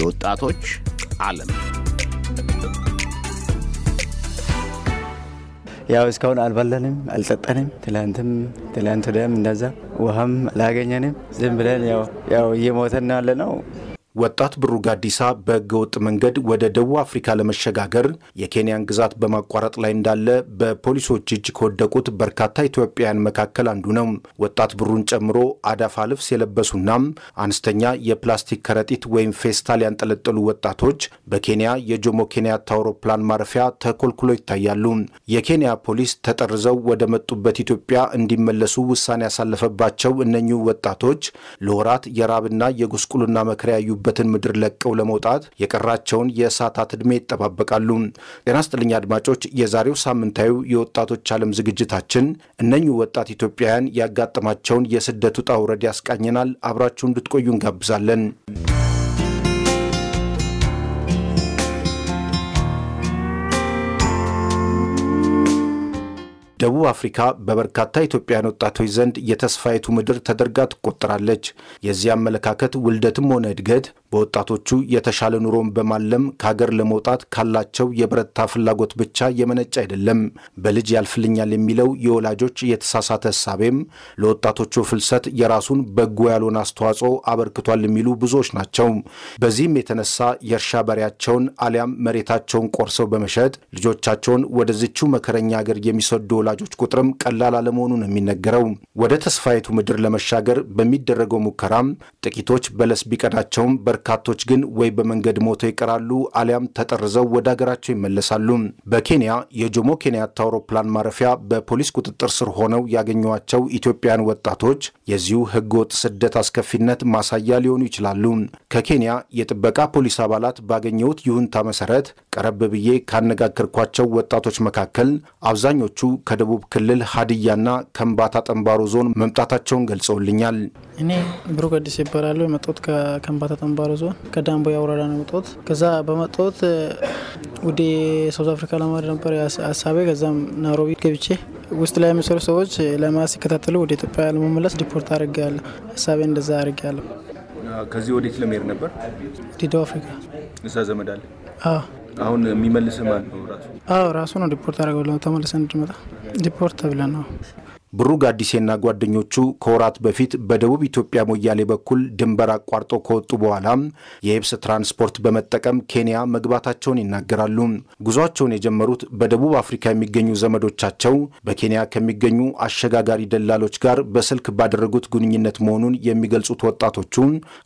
የወጣቶች ዓለም ያው እስካሁን አልበለንም አልጠጠንም። ትላንትም ትላንት ደም እንደዛ ውሃም አላገኘንም። ዝም ብለን ያው እየሞተን ያለ ነው። ወጣት ብሩ ጋዲሳ በህገወጥ መንገድ ወደ ደቡብ አፍሪካ ለመሸጋገር የኬንያን ግዛት በማቋረጥ ላይ እንዳለ በፖሊሶች እጅ ከወደቁት በርካታ ኢትዮጵያውያን መካከል አንዱ ነው። ወጣት ብሩን ጨምሮ አዳፋ ልብስ የለበሱና አነስተኛ የፕላስቲክ ከረጢት ወይም ፌስታል ያንጠለጠሉ ወጣቶች በኬንያ የጆሞ ኬንያታ አውሮፕላን ማረፊያ ተኮልኩሎ ይታያሉ። የኬንያ ፖሊስ ተጠርዘው ወደ መጡበት ኢትዮጵያ እንዲመለሱ ውሳኔ ያሳለፈባቸው እነኚሁ ወጣቶች ለወራት የራብና የጉስቁልና መከራ ያዩበት ያሉበትን ምድር ለቀው ለመውጣት የቀራቸውን የሰዓታት ዕድሜ ይጠባበቃሉ። ጤና ስጥልኝ አድማጮች፣ የዛሬው ሳምንታዊ የወጣቶች ዓለም ዝግጅታችን እነኚሁ ወጣት ኢትዮጵያውያን ያጋጠማቸውን የስደት ውጣ ውረድ ያስቃኘናል። አብራችሁ እንድትቆዩ እንጋብዛለን። ደቡብ አፍሪካ በበርካታ ኢትዮጵያውያን ወጣቶች ዘንድ የተስፋይቱ ምድር ተደርጋ ትቆጠራለች። የዚህ አመለካከት ውልደትም ሆነ እድገት በወጣቶቹ የተሻለ ኑሮን በማለም ከሀገር ለመውጣት ካላቸው የበረታ ፍላጎት ብቻ የመነጫ አይደለም። በልጅ ያልፍልኛል የሚለው የወላጆች የተሳሳተ እሳቤም ለወጣቶቹ ፍልሰት የራሱን በጎ ያልሆነ አስተዋጽኦ አበርክቷል የሚሉ ብዙዎች ናቸው። በዚህም የተነሳ የእርሻ በሬያቸውን አሊያም መሬታቸውን ቆርሰው በመሸጥ ልጆቻቸውን ወደዚቹ መከረኛ ሀገር የሚሰዱ ወላጆች ቁጥርም ቀላል አለመሆኑ ነው የሚነገረው። ወደ ተስፋይቱ ምድር ለመሻገር በሚደረገው ሙከራም ጥቂቶች በለስ ቢቀዳቸውም በርካቶች ግን ወይ በመንገድ ሞተው ይቀራሉ አሊያም ተጠርዘው ወደ ሀገራቸው ይመለሳሉ። በኬንያ የጆሞ ኬንያታ አውሮፕላን ማረፊያ በፖሊስ ቁጥጥር ስር ሆነው ያገኟቸው ኢትዮጵያውያን ወጣቶች የዚሁ ህገወጥ ስደት አስከፊነት ማሳያ ሊሆኑ ይችላሉ። ከኬንያ የጥበቃ ፖሊስ አባላት ባገኘሁት ይሁንታ መሰረት ቀረብ ብዬ ካነጋገርኳቸው ወጣቶች መካከል አብዛኞቹ ከደቡብ ክልል ሀዲያና ከምባታ ጠንባሮ ዞን መምጣታቸውን ገልጸውልኛል። እኔ ብሩክ አዲስ ይባላሉ። የመጣሁት ከከምባታ ጠንባሮ አማራ ዞን ከዳንቦ የአውራዳ ነው የመጣሁት። ከዛ በመጣሁት ወደ ሳውዝ አፍሪካ ለማድ ነበር ሀሳቤ። ከዛም ናይሮቢ ገብቼ ውስጥ ላይ የሚሰሩ ሰዎች ለማስ ሲከታተሉ ወደ ኢትዮጵያ ለመመለስ ዲፖርት ያለ ሀሳቤ እንደዛ ያለ። ከዚህ ወዴት ለመሄድ ነበር? ወደ ደቡብ አፍሪካ። እዛ ዘመድ አለ? አዎ። አሁን የሚመልስ ማን ነው? ራሱ? አዎ ራሱ ነው ዲፖርት አድርገው ተመልሰን እንድመጣ ዲፖርት ተብለን ነው ብሩ ጋዲሴና ጓደኞቹ ከወራት በፊት በደቡብ ኢትዮጵያ ሞያሌ በኩል ድንበር አቋርጦ ከወጡ በኋላ የየብስ ትራንስፖርት በመጠቀም ኬንያ መግባታቸውን ይናገራሉ። ጉዟቸውን የጀመሩት በደቡብ አፍሪካ የሚገኙ ዘመዶቻቸው በኬንያ ከሚገኙ አሸጋጋሪ ደላሎች ጋር በስልክ ባደረጉት ግንኙነት መሆኑን የሚገልጹት ወጣቶቹ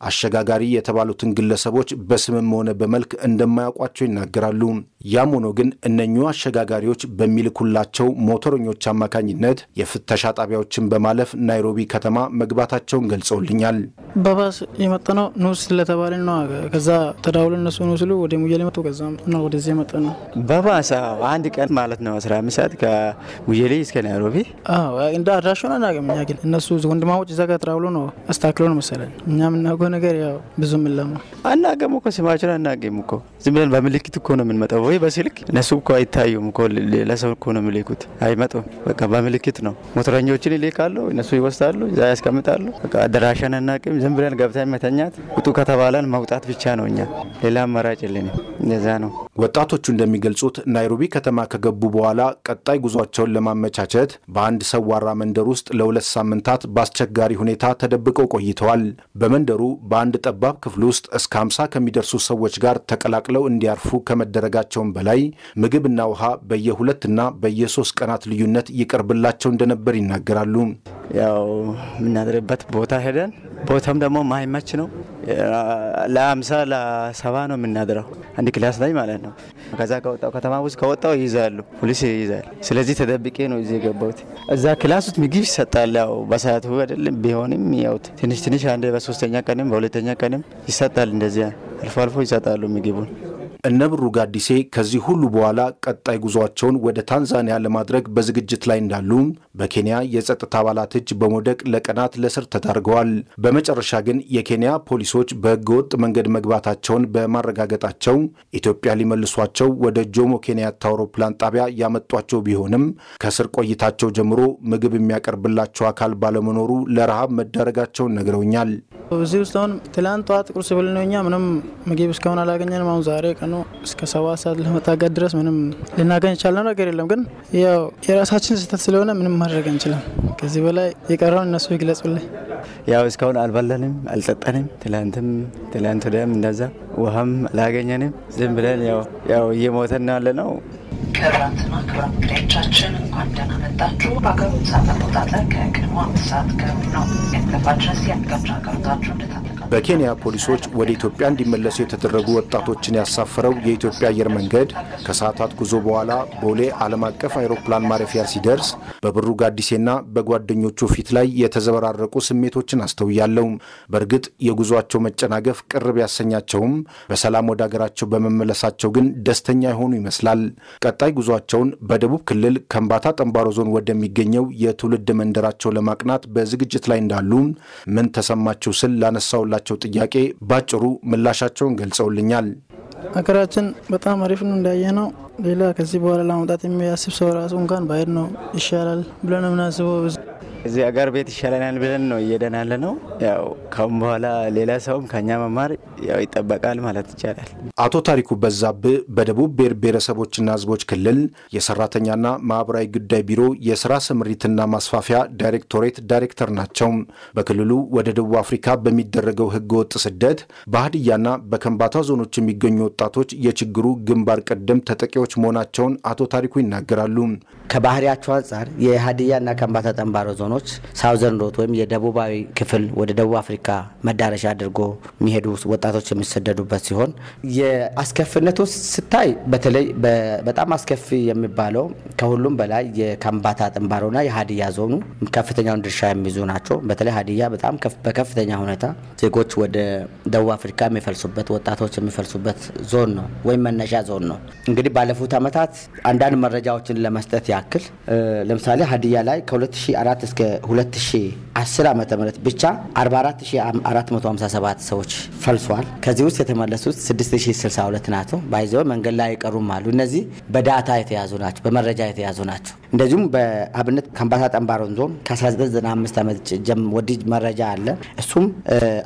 አሸጋጋሪ የተባሉትን ግለሰቦች በስምም ሆነ በመልክ እንደማያውቋቸው ይናገራሉ። ያም ሆኖ ግን እነኚሁ አሸጋጋሪዎች በሚልኩላቸው ሞተረኞች አማካኝነት የፍታ ተሻጣቢያዎችን በማለፍ ናይሮቢ ከተማ መግባታቸውን ገልጸውልኛል። በባስ የመጣነው ነው ኑ ስለተባለ ነው። ከዛ ተዳውሎ እነሱ ኑ ስሉ ወደ ሙያሌ መጡ። ከዛ ነው ወደዚህ የመጣ ነው በባስ አንድ ቀን ማለት ነው። አስራ አምስት ሰዓት ከሙያሌ እስከ ናይሮቢ እንደ አድራሽ ሆነ አናውቅም። ምኛ ግን እነሱ ወንድማዎች እዛ ጋር ተዳውሎ ነው አስታክሎ ነው መሰለን። እኛ የምናውቀው ነገር ያው ብዙ ምለማ አናውቅም እኮ ስማቸውን አናውቅም እኮ ዝም ብለን በምልክት እኮ ነው የምንመጣው ወይ በስልክ እነሱ እኮ አይታዩም እኮ ለሰው እኮ ነው የሚልኩት አይመጡም። በቃ በምልክት ነው ሞተረኞችን ይልካሉ፣ እነሱ ይወስዳሉ፣ እዛ ያስቀምጣሉ። አደራሻን አናውቅም። ዝም ብለን ገብተን መተኛት፣ ውጡ ከተባለን መውጣት ብቻ ነው። እኛ ሌላ አማራጭ የለንም። እንደዛ ነው። ወጣቶቹ እንደሚገልጹት ናይሮቢ ከተማ ከገቡ በኋላ ቀጣይ ጉዟቸውን ለማመቻቸት በአንድ ሰዋራ መንደር ውስጥ ለሁለት ሳምንታት በአስቸጋሪ ሁኔታ ተደብቀው ቆይተዋል። በመንደሩ በአንድ ጠባብ ክፍል ውስጥ እስከ 50 ከሚደርሱ ሰዎች ጋር ተቀላቅለው እንዲያርፉ ከመደረጋቸውም በላይ ምግብና ውሃ በየሁለትና በየሶስት ቀናት ልዩነት ይቀርብላቸው እንደነበር እንደነበር ይናገራሉ። ያው የምናድርበት ቦታ ሄደን ቦታም ደግሞ ማይመች ነው። ለአምሳ ለሰባ ነው የምናድረው አንድ ክላስ ላይ ማለት ነው። ከዛ ከወጣው ከተማ ውስጥ ከወጣው ይይዛሉ፣ ፖሊስ ይይዛል። ስለዚህ ተደብቄ ነው እዚህ የገባሁት። እዛ ክላስ ውስጥ ምግብ ይሰጣል። ያው በሰዓቱ አይደለም ቢሆንም ያው ትንሽ ትንሽ አንድ በሶስተኛ ቀንም በሁለተኛ ቀንም ይሰጣል። እንደዚያ አልፎ አልፎ ይሰጣሉ ምግቡን እነ ብሩ ጋዲሴ ከዚህ ሁሉ በኋላ ቀጣይ ጉዞአቸውን ወደ ታንዛኒያ ለማድረግ በዝግጅት ላይ እንዳሉ በኬንያ የጸጥታ አባላት እጅ በመውደቅ ለቀናት ለስር ተዳርገዋል። በመጨረሻ ግን የኬንያ ፖሊሶች በህገወጥ መንገድ መግባታቸውን በማረጋገጣቸው ኢትዮጵያ ሊመልሷቸው ወደ ጆሞ ኬንያታ አውሮፕላን ጣቢያ ያመጧቸው ቢሆንም ከስር ቆይታቸው ጀምሮ ምግብ የሚያቀርብላቸው አካል ባለመኖሩ ለረሃብ መዳረጋቸውን ነግረውኛል። እዚህ ውስጥ አሁን ትላንት ጠዋት ቁርስ ነው እኛ ምንም ምግብ እስካሁን አላገኘንም። አሁን ዛሬ ቀኑ እስከ ሰባት ሰዓት ለመታገድ ድረስ ምንም ልናገኝ የቻልነው ነገር የለም። ግን ያው የራሳችን ስህተት ስለሆነ ምንም ማድረግ አንችልም። ከዚህ በላይ የቀረውን እነሱ ይግለጹልኝ። ያው እስካሁን አልበላንም፣ አልጠጠንም። ትላንትም ትላንት ወዲያም እንደዛ ውሃም አላገኘንም። ዝም ብለን ያው እየሞተን ያለ ነው። ክብራትና ክብራት ተመልካቾቻችን እንኳን ደህና መጣችሁ። በአገሩ ሰዓት አቆጣጠር ከቀኑ አምስት ሰዓት ገብ ነው። ድረስ የአጋብቻ ቀርታችሁ እንደታለ በኬንያ ፖሊሶች ወደ ኢትዮጵያ እንዲመለሱ የተደረጉ ወጣቶችን ያሳፈረው የኢትዮጵያ አየር መንገድ ከሰዓታት ጉዞ በኋላ ቦሌ ዓለም አቀፍ አውሮፕላን ማረፊያ ሲደርስ በብሩ ጋዲሴና በጓደኞቹ ፊት ላይ የተዘበራረቁ ስሜቶችን አስተውያለሁ። በእርግጥ የጉዟቸው መጨናገፍ ቅር ቢያሰኛቸውም በሰላም ወደ አገራቸው በመመለሳቸው ግን ደስተኛ የሆኑ ይመስላል። ቀጣይ ጉዟቸውን በደቡብ ክልል ከምባታ ጠንባሮ ዞን ወደሚገኘው የትውልድ መንደራቸው ለማቅናት በዝግጅት ላይ እንዳሉ ምን ተሰማችሁ ስል ላነሳውላቸው ላላቸው ጥያቄ ባጭሩ ምላሻቸውን ገልጸውልኛል። ሀገራችን በጣም አሪፍ ነው እንዳየ ነው። ሌላ ከዚህ በኋላ ለማምጣት የሚያስብ ሰው ራሱ እንኳን ባይድ ነው ይሻላል ብለን ምናስበው እዚህ አገር ቤት ይሻለናል ብለን ነው እየሄድን ያለ ነው። ያው ካሁን በኋላ ሌላ ሰውም ከኛ መማር ያው ይጠበቃል ማለት ይቻላል። አቶ ታሪኩ በዛብ በደቡብ ብሔር ብሔረሰቦችና ህዝቦች ክልል የሰራተኛና ማህበራዊ ጉዳይ ቢሮ የስራ ስምሪትና ማስፋፊያ ዳይሬክቶሬት ዳይሬክተር ናቸው። በክልሉ ወደ ደቡብ አፍሪካ በሚደረገው ህገወጥ ስደት በሀዲያና በከንባታ ዞኖች የሚገኙ ወጣቶች የችግሩ ግንባር ቀደም ተጠቂዎች መሆናቸውን አቶ ታሪኩ ይናገራሉ። ከባህሪያቸው አንጻር የሀዲያና ከንባታ ጠንባሮ ዞኖ ዞኖች ሳውዘርን ሮት ወይም የደቡባዊ ክፍል ወደ ደቡብ አፍሪካ መዳረሻ አድርጎ የሚሄዱ ወጣቶች የሚሰደዱበት ሲሆን የአስከፊነቱ ስታይ በተለይ በጣም አስከፊ የሚባለው ከሁሉም በላይ የከምባታ ጥንባሮና የሀዲያ ዞኑ ከፍተኛውን ድርሻ የሚይዙ ናቸው። በተለይ ሀዲያ በጣም በከፍተኛ ሁኔታ ዜጎች ወደ ደቡብ አፍሪካ የሚፈልሱበት ወጣቶች የሚፈልሱበት ዞን ነው ወይም መነሻ ዞን ነው። እንግዲህ ባለፉት ዓመታት አንዳንድ መረጃዎችን ለመስጠት ያክል ለምሳሌ ሀዲያ ላይ ከ2004 እስከ 2010 ዓ ም ብቻ 44457 ሰዎች ፈልሷል። ከዚህ ውስጥ የተመለሱት 662 ናቸው። ባይዘው መንገድ ላይ አይቀሩም አሉ። እነዚህ በዳታ የተያዙ ናቸው፣ በመረጃ የተያዙ ናቸው። እንደዚሁም በአብነት ከምባታ ጠንባሮን ዞን ከ1995 ዓመት ወዲህ መረጃ አለ። እሱም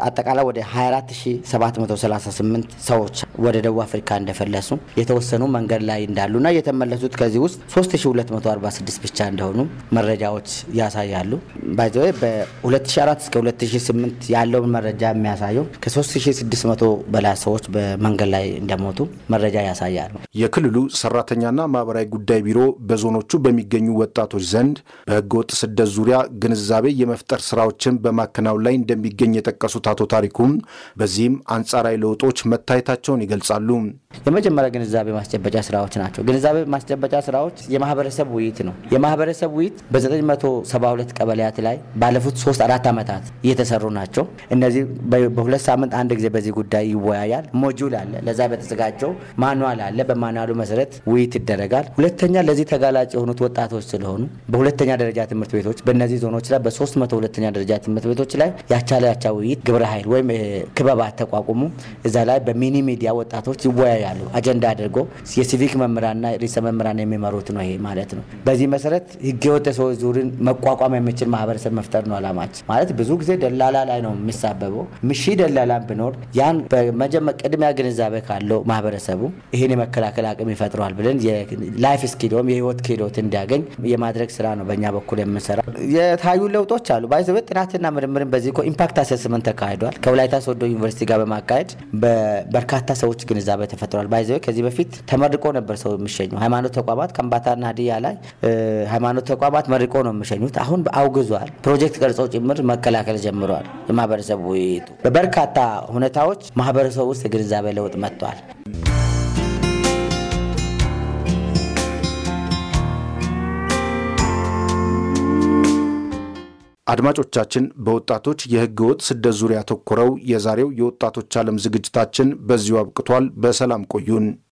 አጠቃላይ ወደ 24738 ሰዎች ወደ ደቡብ አፍሪካ እንደፈለሱ የተወሰኑ መንገድ ላይ እንዳሉና የተመለሱት ከዚህ ውስጥ 3246 ብቻ እንደሆኑ መረጃዎች ያሳያሉ። ይሰራሉ። ባይዘ በ2004 እስከ 2008 ያለውን መረጃ የሚያሳየው ከ3600 በላይ ሰዎች በመንገድ ላይ እንደሞቱ መረጃ ያሳያል። የክልሉ ሰራተኛና ማህበራዊ ጉዳይ ቢሮ በዞኖቹ በሚገኙ ወጣቶች ዘንድ በህገወጥ ስደት ዙሪያ ግንዛቤ የመፍጠር ስራዎችን በማከናወን ላይ እንደሚገኝ የጠቀሱት አቶ ታሪኩም በዚህም አንጻራዊ ለውጦች መታየታቸውን ይገልጻሉ። የመጀመሪያ ግንዛቤ ማስጨበጫ ስራዎች ናቸው። ግንዛቤ ማስጨበጫ ስራዎች የማህበረሰብ ውይይት ነው። የማህበረሰብ ውይይት በ972 ቀበሌያት ላይ ባለፉት ሶስት አራት ዓመታት እየተሰሩ ናቸው። እነዚህ በሁለት ሳምንት አንድ ጊዜ በዚህ ጉዳይ ይወያያል። ሞጁል አለ፣ ለዛ በተዘጋጀው ማኗል አለ። በማኗሉ መሰረት ውይይት ይደረጋል። ሁለተኛ ለዚህ ተጋላጭ የሆኑት ወጣቶች ስለሆኑ በሁለተኛ ደረጃ ትምህርት ቤቶች በእነዚህ ዞኖች ላይ በሶስት መቶ ሁለተኛ ደረጃ ትምህርት ቤቶች ላይ ያቻለ ያቻ ውይይት ግብረ ኃይል ወይም ክበባት ተቋቁሙ እዛ ላይ በሚኒ ሚዲያ ወጣቶች ይወያያሉ። አጀንዳ አድርጎ የሲቪክ መምህራንና ርዕሰ መምህራን የሚመሩት ነው ይሄ ማለት ነው። በዚህ መሰረት ህገወጥ የሰዎች ዙርን መቋቋም የሚችል ማህበረሰብ መፍጠር ነው አላማችን። ማለት ብዙ ጊዜ ደላላ ላይ ነው የሚሳበበው። ምሺ ደላላን ብኖር ያን በመጀመ ቅድሚያ ግንዛቤ ካለው ማህበረሰቡ ይህን የመከላከል አቅም ይፈጥረዋል ብለን ላይፍ ስኪል ወይም የህይወት ክህሎት እንዲያገኝ የማድረግ ስራ ነው በእኛ በኩል የምንሰራ። የታዩ ለውጦች አሉ። ባይዘበ ጥናትና ምርምርን በዚህ እኮ ኢምፓክት አሰስመንት ተካሂዷል ከወላይታ ሶዶ ዩኒቨርሲቲ ጋር በማካሄድ በርካታ ሰዎች ግንዛቤ ተፈጥሯል። ባይዘበ ከዚህ በፊት ተመርቆ ነበር ሰው የሚሸኘው ሃይማኖት ተቋማት ከምባታና ሀዲያ ላይ ሃይማኖት ተቋማት መርቆ ነው የሚሸኙት አሁን አውግዟል። ፕሮጀክት ቀርጸው ጭምር መከላከል ጀምሯል። የማህበረሰቡ ውይይቱ በበርካታ ሁኔታዎች ማህበረሰቡ ውስጥ የግንዛቤ ለውጥ መጥቷል። አድማጮቻችን በወጣቶች የሕገ ወጥ ስደት ዙሪያ ተኮረው የዛሬው የወጣቶች ዓለም ዝግጅታችን በዚሁ አብቅቷል። በሰላም ቆዩን።